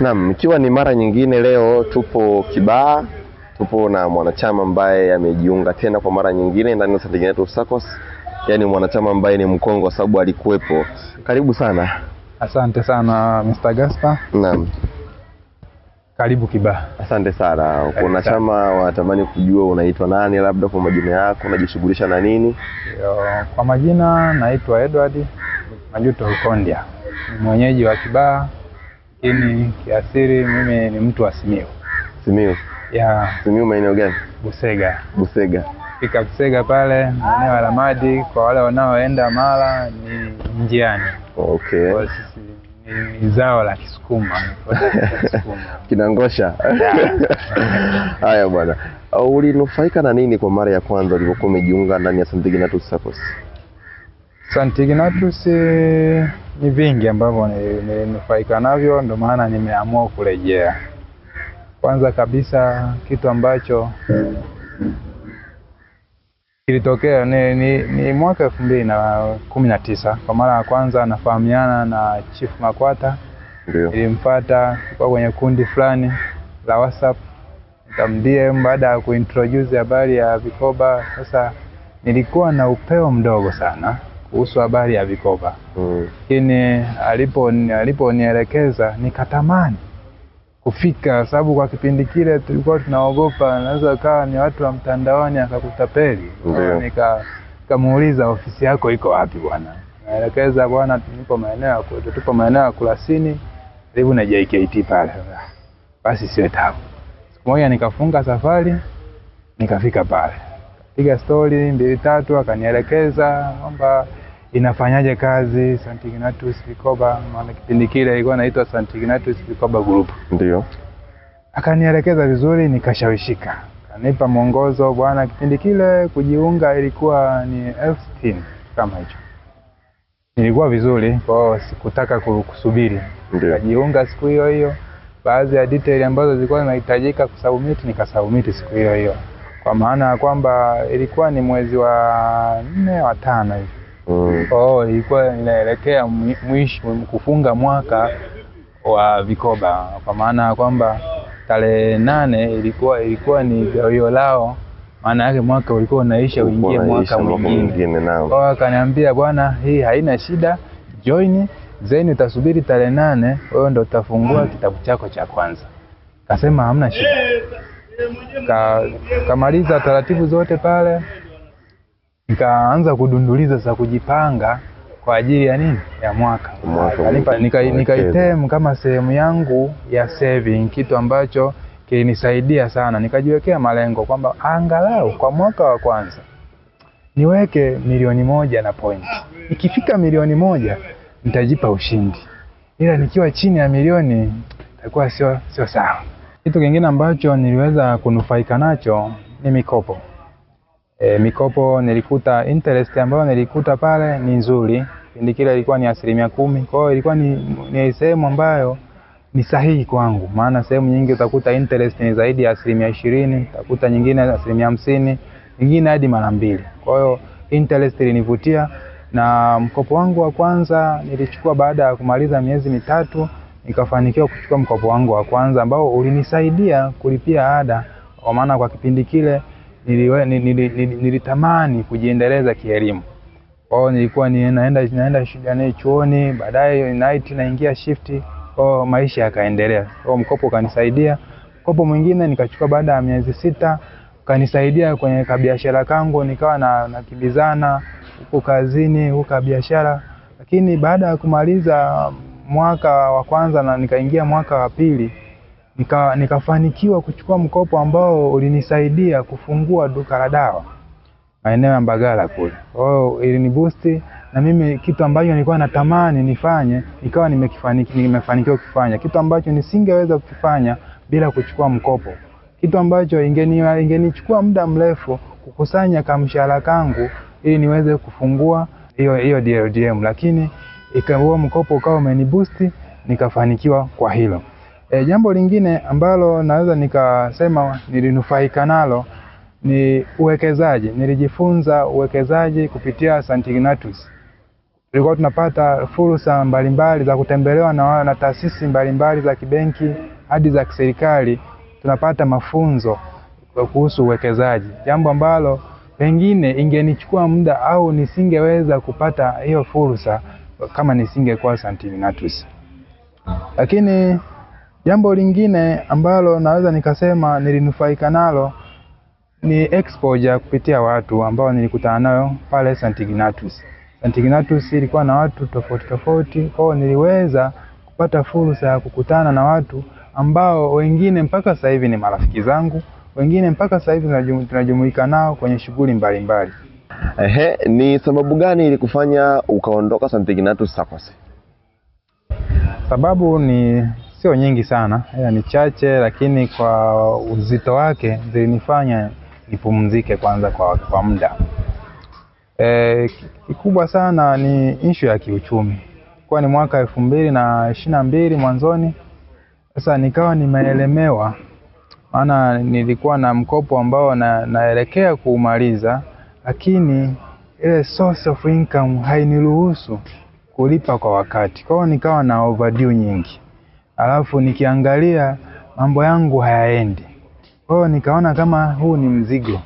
Naam, ikiwa ni mara nyingine leo tupo Kibaha, tupo na mwanachama ambaye amejiunga tena kwa mara nyingine ndani ya St. SACCOS, yaani mwanachama ambaye ni mkongo kwa sababu alikuwepo. Karibu sana. Asante sana Mr. Gaspar. Naam. Karibu Kibaha. Asante sana. Kuna chama wanatamani kujua unaitwa nani, labda kwa majina yako unajishughulisha na nini? Yo, kwa majina naitwa Edward Majuto Ukondia, mwenyeji wa Kibaha lakini kiasiri mimi ni mtu wa Simiyu. Simiyu ya Simiyu, maeneo gani? Busega. Busega fika Busega pale maeneo la Madi, kwa wale wanaoenda Mara ni njiani. Okay. Kwa sisi ni zao la Kisukuma kinangosha. Haya bwana, ulinufaika na nini kwa mara ya kwanza ulipokuwa umejiunga ndani ya Sandvignatus Tusakos? Sant Ignatius eh, ni vingi ambavyo ni navyo, ndio maana nimeamua kurejea. Kwanza kabisa kitu ambacho kilitokea ni, ni, ni mwaka elfu mbili na kumi na tisa kwa mara ya kwanza nafahamiana na Chief Makwata. Nilimfuata kwa kwenye kundi fulani la WhatsApp nikamdm, baada ya kuintroduce habari ya vikoba. Sasa nilikuwa na upeo mdogo sana kuhusu habari ya vikoba, mm. lakini mm. aliponielekeza nikatamani kufika, sababu kwa kipindi kile tulikuwa tunaogopa naweza kawa ni watu wa mtandaoni akakutapeli. Nikamuuliza, nika ofisi yako iko wapi bwana? Naelekeza bwana, tupo maeneo ya tupo maeneo ya Kurasini karibu na JKT pale. Basi sio tabu. Siku moja nikafunga safari nikafika pale piga stori mbili tatu, akanielekeza kwamba inafanyaje kazi St. Ignatius Vikoba, maana kipindi kile ilikuwa inaitwa St. Ignatius Vikoba Group. Ndio. Akanielekeza vizuri nikashawishika. Kanipa mwongozo bwana, kipindi kile kujiunga ilikuwa ni elfu sitini kama hicho. Nilikuwa vizuri kwa hiyo sikutaka kusubiri. Nikajiunga siku hiyo hiyo. Baadhi ya detail ambazo zilikuwa zinahitajika kusubmit nikasubmit siku hiyo hiyo kwa maana ya kwamba ilikuwa ni mwezi wa nne wa tano hivi mm. Oh, ilikuwa inaelekea mwisho kufunga mwaka wa vikoba, kwa maana ya kwamba tarehe nane ilikuwa ilikuwa ni gawio lao, maana yake mwaka ulikuwa unaisha uingie mwaka mwingine. Kwao akaniambia, bwana, hii haina shida, join zeni, utasubiri tarehe nane, wewe ndo utafungua kitabu chako cha kwanza. Kasema hamna shida ka, kamaliza taratibu zote pale, nikaanza kudunduliza za kujipanga kwa ajili ya nini ya mwaka, mwaka nikaitem nika kama sehemu yangu ya saving, kitu ambacho kilinisaidia sana. Nikajiwekea malengo kwamba angalau kwa mwaka wa kwanza niweke milioni moja na point. Ikifika milioni moja nitajipa ushindi, ila nikiwa chini ya milioni itakuwa sio sio sawa. Kitu kingine ambacho niliweza kunufaika nacho ni mikopo. E, mikopo nilikuta interest ambayo nilikuta pale ni nzuri, kipindi kile ilikuwa ni asilimia kumi. Kwa hiyo ilikuwa ni, ni sehemu ambayo ni sahihi kwangu, maana sehemu nyingi utakuta interest ni zaidi ya asilimia ishirini, utakuta nyingine asilimia hamsini, nyingine hadi mara mbili. Kwa hiyo interest ilinivutia, na mkopo wangu wa kwanza nilichukua baada ya kumaliza miezi mitatu nikafanikiwa kuchukua mkopo wangu wa kwanza ambao ulinisaidia kulipia ada, kwa maana kwa kipindi kile niliwe, nil, nil, nilitamani kujiendeleza kielimu. kwao. nilikuwa ninaenda naenda chuoni, baadaye night naingia shift, kwa maisha yakaendelea. Kwao mkopo ukanisaidia. Mkopo mwingine nikachukua baada ya miezi sita ukanisaidia kwenye kabiashara kangu, nikawa na nakimbizana huku kazini huku biashara, lakini baada ya kumaliza mwaka wa kwanza na nikaingia mwaka wa pili nika, nikafanikiwa kuchukua mkopo ambao ulinisaidia kufungua duka la dawa maeneo ya Mbagala kule. Kwa hiyo ilinibusti na mimi kitu ambacho nilikuwa natamani nifanye nikawa nimekifanikiwa nimefanikiwa kufanya, kitu ambacho nisingeweza kukifanya bila kuchukua mkopo, kitu ambacho ingenichukua ingeni muda mrefu kukusanya kamshahara kangu ili niweze kufungua hiyo hiyo DLDM, lakini ikawa mkopo ukawa umenibusti nikafanikiwa kwa hilo. E, jambo lingine ambalo naweza nikasema nilinufaika nalo ni uwekezaji. Nilijifunza uwekezaji kupitia St. Ignatius. Tulikuwa tunapata fursa mbalimbali za kutembelewa na, na taasisi mbalimbali za kibenki hadi za kiserikali. Tunapata mafunzo kuhusu uwekezaji, jambo ambalo pengine ingenichukua muda au nisingeweza kupata hiyo fursa kama nisingekuwa Santinatus. Lakini jambo lingine ambalo naweza nikasema nilinufaika nalo ni exposure kupitia watu ambao nilikutana nayo pale Santinatus. Santinatus ilikuwa na watu tofauti tofauti, kwao niliweza kupata fursa ya kukutana na watu ambao wengine mpaka sasa hivi ni marafiki zangu, wengine mpaka sasa hivi tunajumuika nao kwenye shughuli mbalimbali. Ehe, ni sababu gani ilikufanya ukaondoka St. Ignatius Sakosi? Sababu ni sio nyingi sana, ila ni chache, lakini kwa uzito wake zilinifanya nipumzike kwanza kwa, kwa muda. E, kikubwa sana ni ishu ya kiuchumi, kwa ni mwaka elfu mbili na ishirini na mbili mwanzoni. Sasa nikawa nimeelemewa, maana nilikuwa na mkopo ambao na, naelekea kuumaliza lakini ile source of income hainiruhusu kulipa kwa wakati, kwa hiyo nikawa na overdue nyingi, alafu nikiangalia mambo yangu hayaendi. Kwa hiyo nikaona kama huu ni mzigo,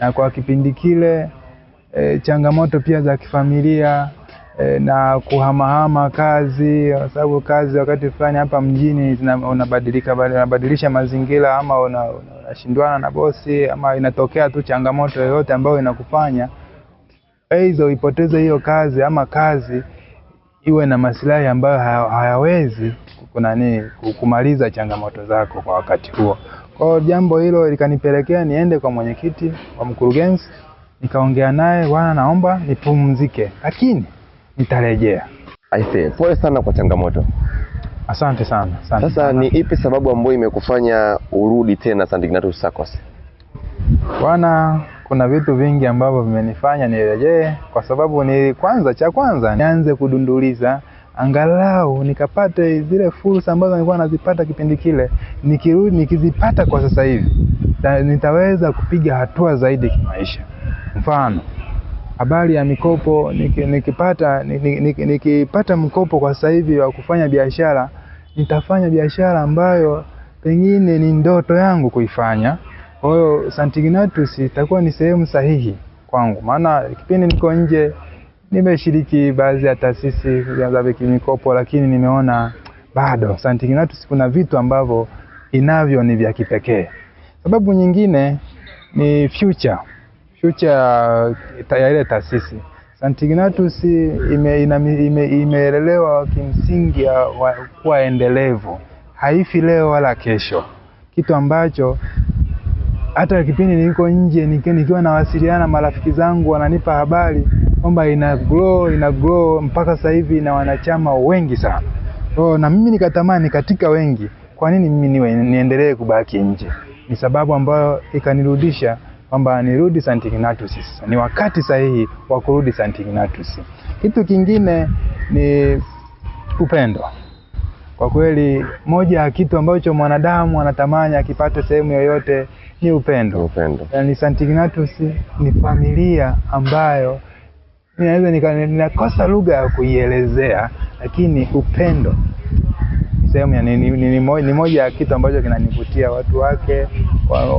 na kwa kipindi kile e, changamoto pia za kifamilia e, na kuhamahama kazi, kwa sababu kazi wakati fulani hapa mjini unabadilika, unabadilisha mazingira ama una, una unashindwana na bosi ama inatokea tu changamoto yoyote ambayo inakufanya aidha uipoteze hiyo kazi ama kazi iwe na masilahi ambayo hayawezi kunani kumaliza changamoto zako kwa wakati huo. Kwa jambo hilo likanipelekea niende kwa mwenyekiti wa mkurugenzi, nikaongea naye, bwana, naomba nipumzike, lakini nitarejea. Aise, pole sana kwa changamoto. Asante sana. Asante sasa Ni ipi sababu ambayo imekufanya urudi tena St. Ignatius SACCOS? Bwana, kuna vitu vingi ambavyo vimenifanya nirejee, kwa sababu ni kwanza, cha kwanza nianze kudunduliza angalau nikapate zile fursa ambazo nilikuwa nazipata kipindi kile. Nikirudi nikizipata kwa sasa hivi nitaweza kupiga hatua zaidi kimaisha. Mfano, habari ya mikopo, nikipata nikipata mkopo kwa sasa hivi wa kufanya biashara nitafanya biashara ambayo pengine ni ndoto yangu kuifanya. Kwa hiyo St. Ignatius itakuwa ni sehemu sahihi kwangu, maana kipindi niko nje nimeshiriki baadhi ya taasisi za kimikopo, lakini nimeona bado St. Ignatius kuna vitu ambavyo inavyo ni vya kipekee. Sababu nyingine ni future future ya ile taasisi St. Ignatius imeelelewa ime, ime kimsingi kuwa endelevu, haifi leo wala kesho, kitu ambacho hata kipindi niko nje nikiwa nawasiliana marafiki zangu wananipa habari kwamba ina grow, ina grow mpaka sasa hivi ina wanachama wengi sana. So, na mimi nikatamani katika wengi, kwa nini mimi niwe niendelee kubaki nje? Ni sababu ambayo ikanirudisha kwamba nirudi St. Ignatius sasa, ni wakati sahihi wa kurudi St. Ignatius. Kitu kingine ni upendo. Kwa kweli, moja ya kitu ambacho mwanadamu anatamani akipata sehemu yoyote ni upendo, upendo. Yaani St. Ignatius ni familia ambayo ninaweza ninakosa lugha ya kuielezea, lakini upendo sehemu ni, ni, ni, ni moja ya kitu ambacho kinanivutia. Watu wake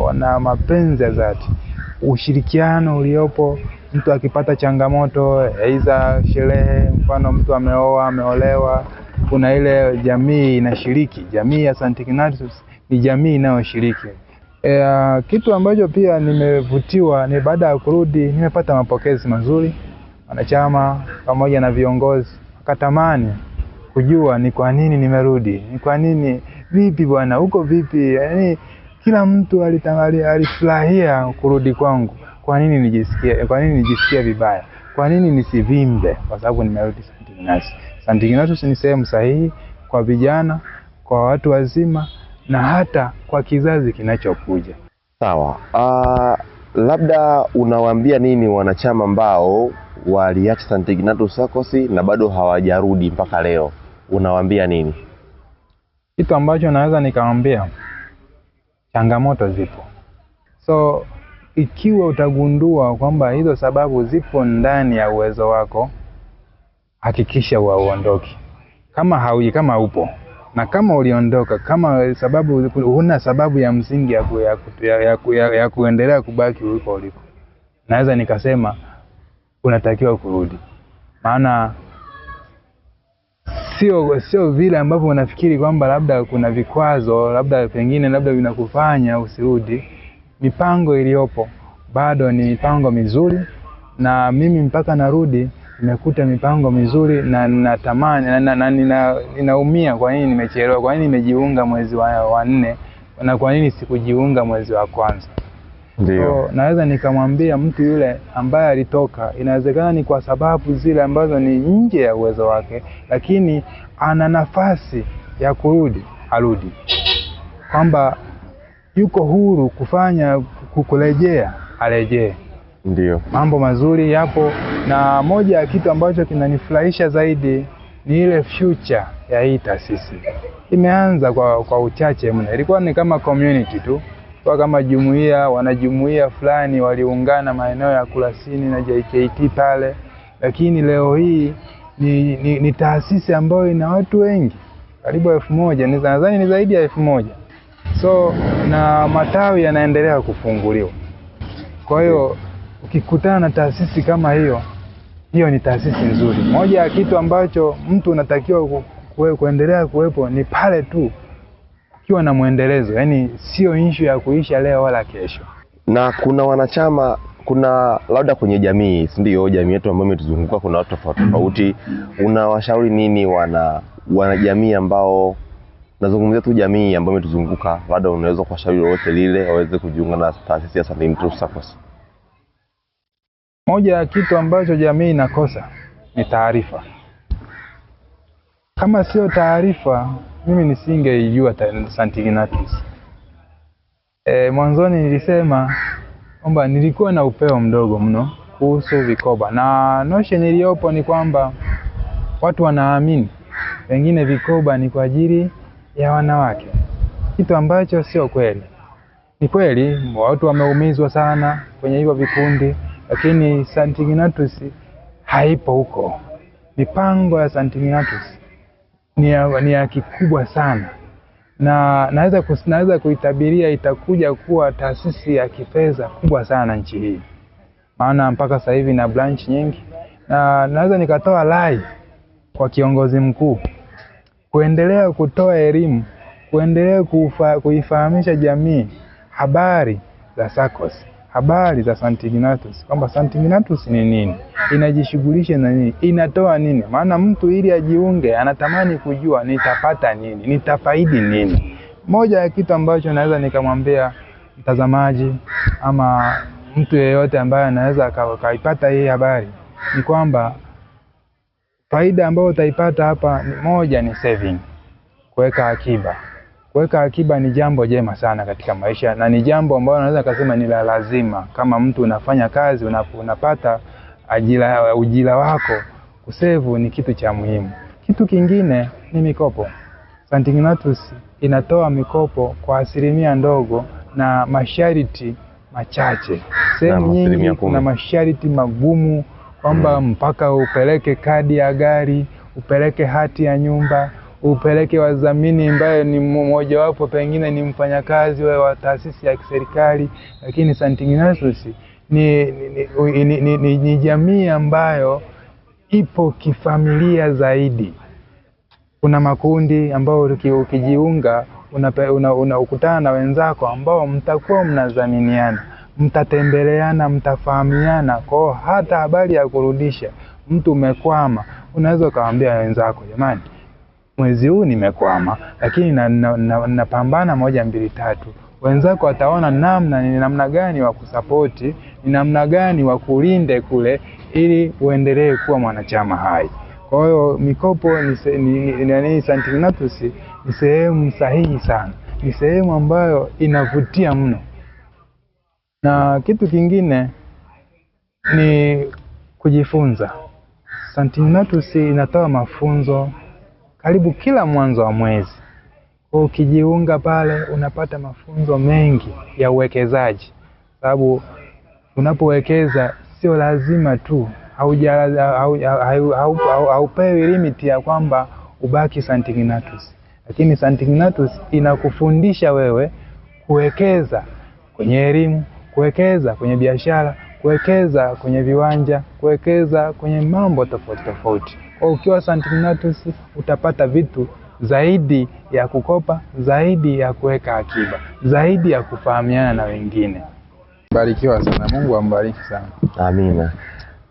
wana mapenzi ya dhati ushirikiano uliopo mtu akipata changamoto aidha sherehe, mfano mtu ameoa, ameolewa, kuna ile jamii inashiriki. Jamii ya St. Ignatius ni jamii inayoshiriki. E, kitu ambacho pia nimevutiwa ni baada ya kurudi, nimepata mapokezi mazuri wanachama pamoja na viongozi, wakatamani kujua ni kwa nini nimerudi, ni kwa nini, vipi bwana, uko vipi? yani, kila mtu alifurahia kurudi kwangu. Kwa nini nijisikia, kwa nini nijisikia vibaya? Kwa nini nisivimbe? Kwa sababu nimerudi St. Ignatius. St. Ignatius ni sehemu sahihi kwa vijana, kwa watu wazima na hata kwa kizazi kinachokuja. Sawa. Uh, labda unawaambia nini wanachama ambao waliacha St. Ignatius SACCOS na bado hawajarudi mpaka leo, unawaambia nini? Kitu ambacho naweza nikamwambia changamoto zipo. So ikiwa utagundua kwamba hizo sababu zipo ndani ya uwezo wako, hakikisha wauondoki kama hauji, kama upo na kama uliondoka, kama sababu huna sababu ya msingi ya, ku, ya, ku, ya, ya, ya, ya kuendelea kubaki uliko uliko, naweza nikasema unatakiwa kurudi, maana sio sio vile ambavyo unafikiri kwamba labda kuna vikwazo labda pengine labda vinakufanya usirudi. Mipango iliyopo bado ni mipango mizuri, na mimi mpaka narudi nimekuta mipango mizuri na natamani na, na, na, na, ninaumia kwa nini nimechelewa, kwa nini nimejiunga mwezi wa, wa nne na kwa nini sikujiunga mwezi wa kwanza. Ndio. So, naweza nikamwambia mtu yule ambaye alitoka, inawezekana ni kwa sababu zile ambazo ni nje ya uwezo wake, lakini ana nafasi ya kurudi, arudi, kwamba yuko huru kufanya kukurejea, arejee. Ndio, mambo mazuri yapo, na moja ya kitu ambacho kinanifurahisha zaidi ni ile future ya hii taasisi. Imeanza kwa, kwa uchache mno, ilikuwa ni kama community tu kwa kama jumuiya wanajumuiya fulani waliungana maeneo ya Kurasini na JKT pale, lakini leo hii ni, ni, ni taasisi ambayo ina watu wengi karibu elfu moja nadhani ni zaidi ya elfu moja so na matawi yanaendelea kufunguliwa. Kwa hiyo ukikutana na taasisi kama hiyo, hiyo ni taasisi nzuri. Moja ya kitu ambacho mtu unatakiwa kuendelea kuwepo ni pale tu ikiwa na mwendelezo, yani sio issue ya kuisha leo wala kesho. Na kuna wanachama kuna labda kwenye jamii, si ndio? Jamii yetu ambayo imetuzunguka kuna watu tofauti tofauti, unawashauri nini wana wanajamii ambao nazungumzia tu jamii ambayo imetuzunguka, labda unaweza kuwashauri lolote lile waweze kujiunga na taasisi ya Salim True Circles? Moja ya kitu ambacho jamii inakosa ni taarifa. Kama sio taarifa, mimi nisingeijua Saint-Ignatius. E, mwanzoni nilisema kwamba nilikuwa na upeo mdogo mno kuhusu vikoba na notion iliyopo ni kwamba watu wanaamini pengine vikoba ni kwa ajili ya wanawake, kitu ambacho sio kweli. Ni kweli watu wameumizwa sana kwenye hivyo vikundi, lakini Saint Ignatius haipo huko. Mipango ya Saint Ignatius ni ya, ni ya kikubwa sana na naweza naweza kuitabiria itakuja kuwa taasisi ya kifedha kubwa sana nchi hii, maana mpaka sasa hivi na branch nyingi, na naweza nikatoa rai kwa kiongozi mkuu kuendelea kutoa elimu, kuendelea kuifahamisha jamii habari za SACCOS habari za St. Ignatius, kwamba St. Ignatius ni nini, inajishughulisha na nini, inatoa nini. Maana mtu ili ajiunge anatamani kujua nitapata nini, nitafaidi nini. Moja ya kitu ambacho naweza nikamwambia mtazamaji ama mtu yeyote ambaye anaweza akaipata hii habari ni kwamba faida ambayo utaipata hapa, ni moja ni saving, kuweka akiba. Kuweka akiba ni jambo jema sana katika maisha na ni jambo ambalo naweza kusema ni la lazima. Kama mtu unafanya kazi unapata ajira, ujira wako, kusevu ni kitu cha muhimu. Kitu kingine ni mikopo. St. Ignatius inatoa mikopo kwa asilimia ndogo na masharti machache. Sehemu nyingi kuna masharti magumu kwamba mm. mpaka upeleke kadi ya gari, upeleke hati ya nyumba, upeleke wadhamini ambaye ni mmojawapo pengine ni mfanyakazi wa taasisi ya kiserikali, lakini Ignatius ni, ni, ni, ni, ni, ni, ni jamii ambayo ipo kifamilia zaidi. Kuna makundi ambayo ukijiunga unakutana una, una na wenzako ambao mtakuwa mnadhaminiana, mtatembeleana, mtafahamiana kwao. Hata habari ya kurudisha mtu umekwama, unaweza ukamwambia wenzako, jamani mwezi huu nimekwama, lakini napambana na, na, na moja mbili tatu. Wenzako wataona namna ni namna gani wa kusapoti, ni namna gani wa kulinde kule, ili uendelee kuwa mwanachama hai. Kwa hiyo mikopo ni, ni, ni, ni ni sehemu sahihi sana, ni sehemu ambayo inavutia mno, na kitu kingine ni kujifunza. St. Ignatius inatoa mafunzo karibu kila mwanzo wa mwezi. Kwa ukijiunga pale unapata mafunzo mengi ya uwekezaji, sababu unapowekeza sio lazima tu haupewi limiti ya kwamba ubaki St. Ignatius, lakini St. Ignatius inakufundisha wewe kuwekeza kwenye elimu, kuwekeza kwenye biashara, kuwekeza kwenye viwanja, kuwekeza kwenye mambo tofauti tofauti. Ukiwa Ignatius utapata vitu zaidi ya kukopa, zaidi ya kuweka akiba, zaidi ya kufahamiana na wengine. Barikiwa sana, Mungu ambariki sana. Amina.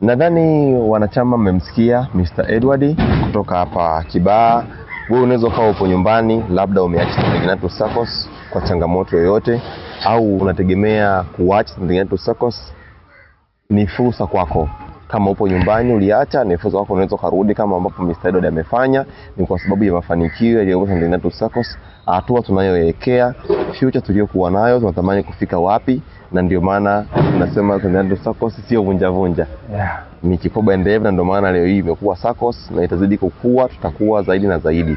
Nadhani wanachama mmemsikia Mr. Edward kutoka hapa kibaa Wewe unaweza kawa upo nyumbani, labda umeacha Ignatius SACCOS kwa changamoto yoyote, au unategemea kuacha Ignatius SACCOS. Ni fursa kwako kama upo nyumbani uliacha na mfuko wako unaweza kurudi, kama ambapo Mr. Edward amefanya, ni kwa sababu ya mafanikio yaliyoongozwa na Denatus Saccos, hatua tunayoelekea, future tuliyokuwa nayo, tunatamani kufika wapi, na ndio maana tunasema Denatus Saccos sio vunja vunja, yeah. Ni kikubwa endelevu, na ndio maana leo hii imekuwa Saccos na itazidi kukua, tutakuwa zaidi na zaidi.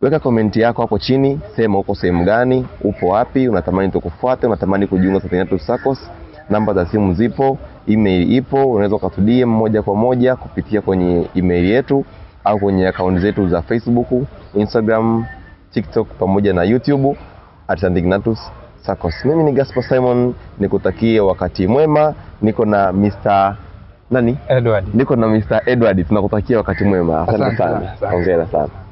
Weka komenti yako hapo chini, sema uko sehemu gani, upo wapi, unatamani tukufuate, unatamani kujiunga na Denatus Saccos namba za simu zipo, email ipo, unaweza ukatudie moja kwa moja kupitia kwenye email yetu au kwenye akaunti zetu za Facebook, Instagram, TikTok pamoja na YouTube at St. Ignatius SACCOS. Mimi ni Gaspar Simon, nikutakie wakati mwema. Niko na Mr. nani? Edward. Niko na Mr. Edward, tunakutakia wakati mwema. Asante sana, hongera sana.